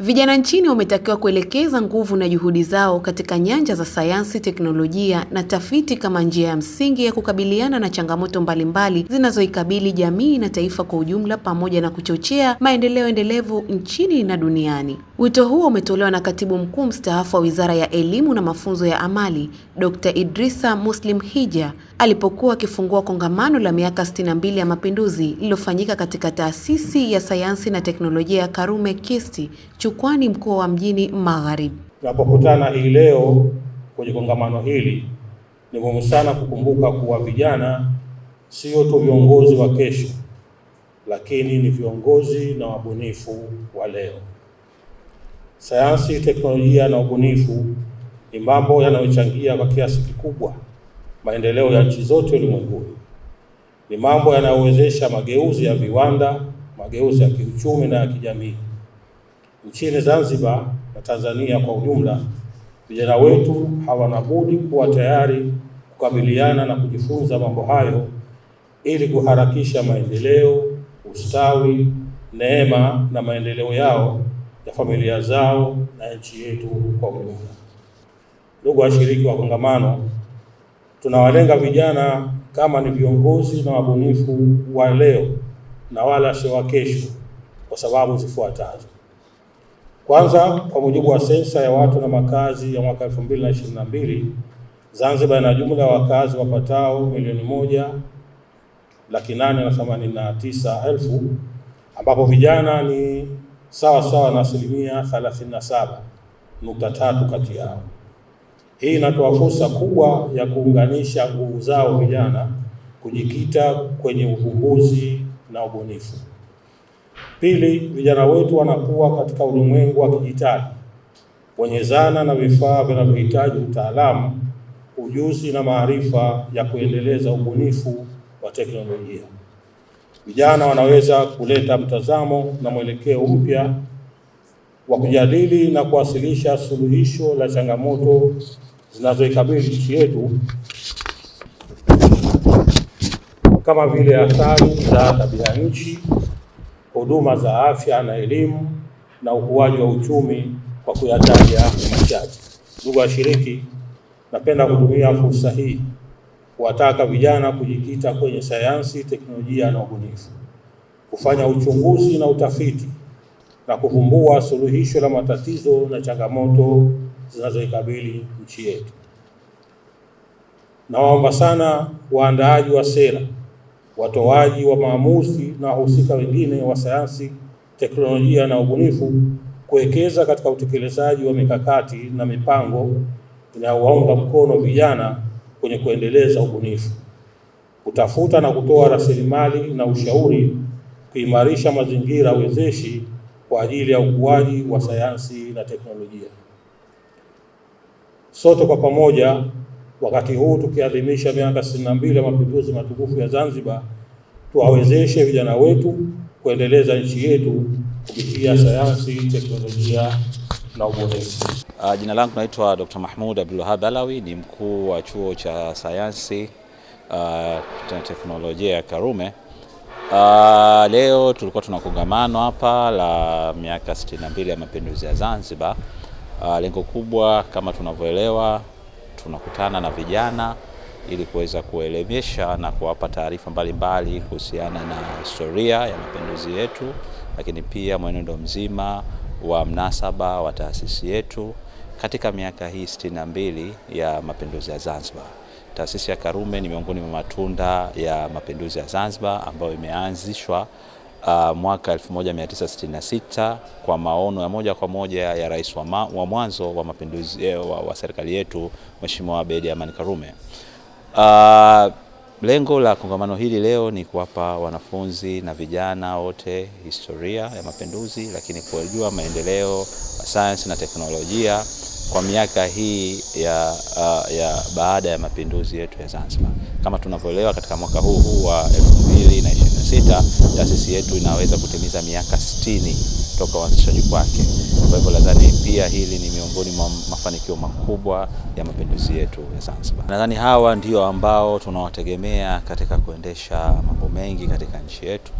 Vijana nchini wametakiwa kuelekeza nguvu na juhudi zao katika nyanja za sayansi, teknolojia na tafiti kama njia ya msingi ya kukabiliana na changamoto mbalimbali zinazoikabili jamii na taifa kwa ujumla pamoja na kuchochea maendeleo endelevu nchini na duniani. Wito huo umetolewa na Katibu Mkuu Mstaafu wa Wizara ya Elimu na Mafunzo ya Amali, Dr. Idrisa Muslim Hija alipokuwa akifungua kongamano la miaka 62 ya mapinduzi lililofanyika katika Taasisi ya Sayansi na Teknolojia ya Karume KISTI Chukwani, mkoa wa Mjini Magharibi. Tunapokutana hii leo kwenye kongamano hili, ni muhimu sana kukumbuka kuwa vijana sio tu viongozi wa kesho, lakini ni viongozi na wabunifu wa leo. Sayansi, teknolojia na ubunifu ni mambo yanayochangia kwa kiasi kikubwa maendeleo ya nchi zote ulimwenguni. Ni mambo yanayowezesha mageuzi ya viwanda, mageuzi ya kiuchumi na ya kijamii nchini Zanzibar na Tanzania kwa ujumla. Vijana wetu hawana budi kuwa tayari kukabiliana na kujifunza mambo hayo ili kuharakisha maendeleo, ustawi, neema na maendeleo yao ya familia zao na nchi yetu kwa ujumla. Ndugu washiriki wa kongamano, tunawalenga vijana kama ni viongozi na wabunifu wa leo na wala sio wa kesho, kwa sababu zifuatazo. Kwanza, kwa mujibu wa sensa ya watu na makazi ya mwaka 2022 Zanzibar ina jumla ya wakazi wapatao milioni moja laki nane na themanini na tisa elfu ambapo vijana ni sawa sawa na asilimia 37.3 kati yao. Hii inatoa fursa kubwa ya kuunganisha nguvu zao vijana kujikita kwenye uvumbuzi na ubunifu. Pili, vijana wetu wanakuwa katika ulimwengu wa kidijitali wenye zana na vifaa vinavyohitaji utaalamu, ujuzi na maarifa ya kuendeleza ubunifu wa teknolojia. Vijana wanaweza kuleta mtazamo na mwelekeo mpya wa kujadili na kuwasilisha suluhisho la changamoto zinazoikabili nchi yetu kama vile athari za tabia nchi, huduma za afya na elimu, na ukuaji wa uchumi, kwa kuyataja machache. Ndugu washiriki, napenda kutumia fursa hii kuwataka vijana kujikita kwenye sayansi, teknolojia na ubunifu, kufanya uchunguzi na utafiti na kuvumbua suluhisho la matatizo na changamoto zinazoikabili nchi yetu. Nawaomba sana waandaaji wa sera, watoaji wa maamuzi na wahusika wengine wa sayansi, teknolojia na ubunifu kuwekeza katika utekelezaji wa mikakati na mipango inayowaunga mkono vijana kwenye kuendeleza ubunifu, kutafuta na kutoa rasilimali na ushauri, kuimarisha mazingira wezeshi kwa ajili ya ukuaji wa sayansi na teknolojia sote kwa pamoja wakati huu tukiadhimisha miaka 62 ya mapinduzi matukufu ya Zanzibar, tuwawezeshe vijana wetu kuendeleza nchi yetu kupitia sayansi, teknolojia na ubunifu. Uh, jina langu naitwa Dr. Mahmoud Abdulwahab Alawi, ni mkuu wa chuo cha sayansi ah, na teknolojia ya Karume. Uh, leo tulikuwa tuna kongamano hapa la miaka 62 ya mapinduzi ya Zanzibar. Uh, lengo kubwa kama tunavyoelewa, tunakutana na vijana ili kuweza kuelemesha na kuwapa taarifa mbalimbali kuhusiana na historia ya mapinduzi yetu, lakini pia mwenendo mzima wa mnasaba wa taasisi yetu katika miaka hii sitini na mbili ya mapinduzi ya Zanzibar. Taasisi ya Karume ni miongoni mwa matunda ya mapinduzi ya Zanzibar ambayo imeanzishwa uh, mwaka 1966 kwa maono ya moja kwa moja ya rais wa, ma, wa mwanzo wa mapinduzi eh, wa, wa serikali yetu Mheshimiwa Abeid Amani Karume. Uh, lengo la kongamano hili leo ni kuwapa wanafunzi na vijana wote historia ya mapinduzi, lakini kujua maendeleo ya sayansi na teknolojia kwa miaka hii ya, uh, ya baada ya mapinduzi yetu ya Zanzibar. Kama tunavyoelewa katika mwaka huu huu wa 2026 taasisi yetu inaweza kutimiza miaka 60 toka uanzishaji kwake. Kwa hivyo nadhani pia hili ni miongoni mwa mafanikio makubwa ya mapinduzi yetu ya Zanzibar. Nadhani hawa ndio ambao tunawategemea katika kuendesha mambo mengi katika nchi yetu.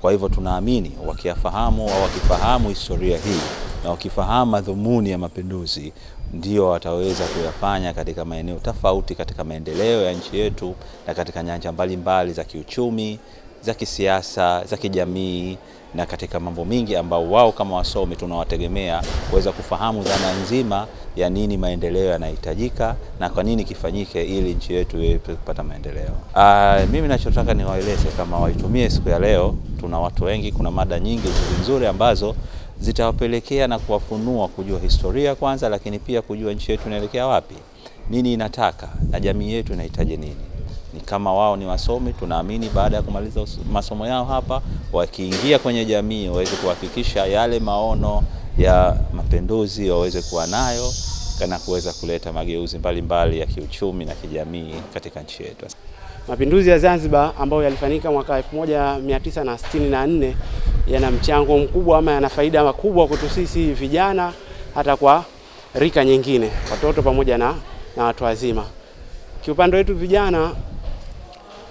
Kwa hivyo tunaamini wakiyafahamu au wakifahamu historia hii na wakifahamu madhumuni ya mapinduzi, ndio wataweza kuyafanya katika maeneo tofauti, katika maendeleo ya nchi yetu na katika nyanja mbalimbali za kiuchumi, za kisiasa, za kijamii na katika mambo mingi ambao wao kama wasomi tunawategemea kuweza kufahamu dhana nzima ya nini maendeleo yanahitajika na kwa nini kifanyike ili nchi yetu iweze kupata maendeleo. Aa, ah, mimi nachotaka niwaeleze kama waitumie siku ya leo, tuna watu wengi, kuna mada nyingi nzuri nzuri ambazo zitawapelekea na kuwafunua kujua historia kwanza, lakini pia kujua nchi yetu inaelekea wapi, nini inataka na jamii yetu inahitaji nini. Ni kama wao ni wasomi, tunaamini baada ya kumaliza masomo yao hapa, wakiingia kwenye jamii waweze kuhakikisha yale maono ya mapenduzi waweze kuwa nayo na kuweza kuleta mageuzi mbalimbali mbali ya kiuchumi na kijamii katika nchi yetu. Mapinduzi ya Zanzibar ambayo yalifanyika mwaka 1964 yana mchango mkubwa ama yana faida kubwa kwetu sisi vijana, hata kwa rika nyingine, watoto pamoja na, na watu wazima. Kiupande wetu vijana,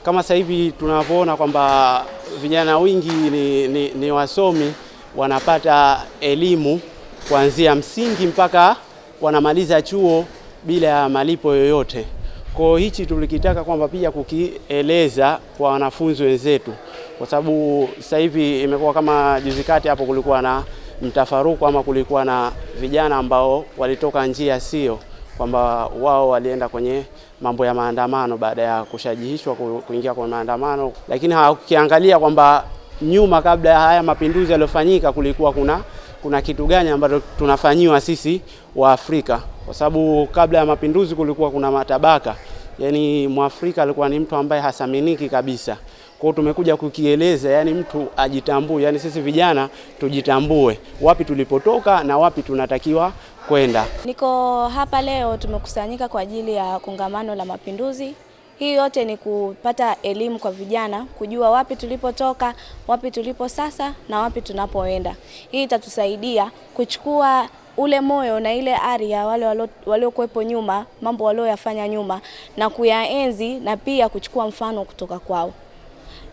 kama sasa hivi tunavyoona kwamba vijana wingi ni, ni, ni wasomi wanapata elimu kuanzia msingi mpaka wanamaliza chuo bila ya malipo yoyote. Kwa hichi tulikitaka kwamba pia kukieleza kwa wanafunzi wenzetu, kwa sababu sasa hivi imekuwa kama juzi kati hapo kulikuwa na mtafaruku ama kulikuwa na vijana ambao walitoka njia sio kwamba wao walienda kwenye mambo ya maandamano baada ya kushajihishwa kuingia kwa maandamano, lakini hawakiangalia kwamba nyuma kabla ya haya mapinduzi yaliyofanyika kulikuwa kuna, kuna kitu gani ambacho tunafanyiwa sisi wa Afrika, kwa sababu kabla ya mapinduzi kulikuwa kuna matabaka, yani Mwafrika alikuwa ni mtu ambaye hasaminiki kabisa. Kwao tumekuja kukieleza, yani mtu ajitambue, yani sisi vijana tujitambue, wapi tulipotoka na wapi tunatakiwa kwenda. Niko hapa leo, tumekusanyika kwa ajili ya kongamano la mapinduzi hii yote ni kupata elimu kwa vijana, kujua wapi tulipotoka, wapi tulipo sasa na wapi tunapoenda. Hii itatusaidia kuchukua ule moyo na ile ari ya wale waliokuwepo nyuma, mambo walioyafanya nyuma na kuyaenzi, na pia kuchukua mfano kutoka kwao.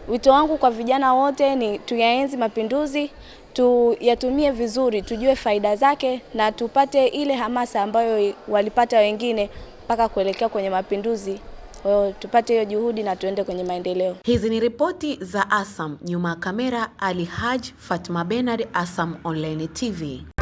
Wito wangu kwa vijana wote ni tuyaenzi mapinduzi, tuyatumie vizuri, tujue faida zake na tupate ile hamasa ambayo walipata wengine mpaka kuelekea kwenye mapinduzi. Kwa hiyo tupate hiyo juhudi na tuende kwenye maendeleo. Hizi ni ripoti za ASAM. Nyuma ya kamera, Ali haj Fatma Benard, ASAM Online TV.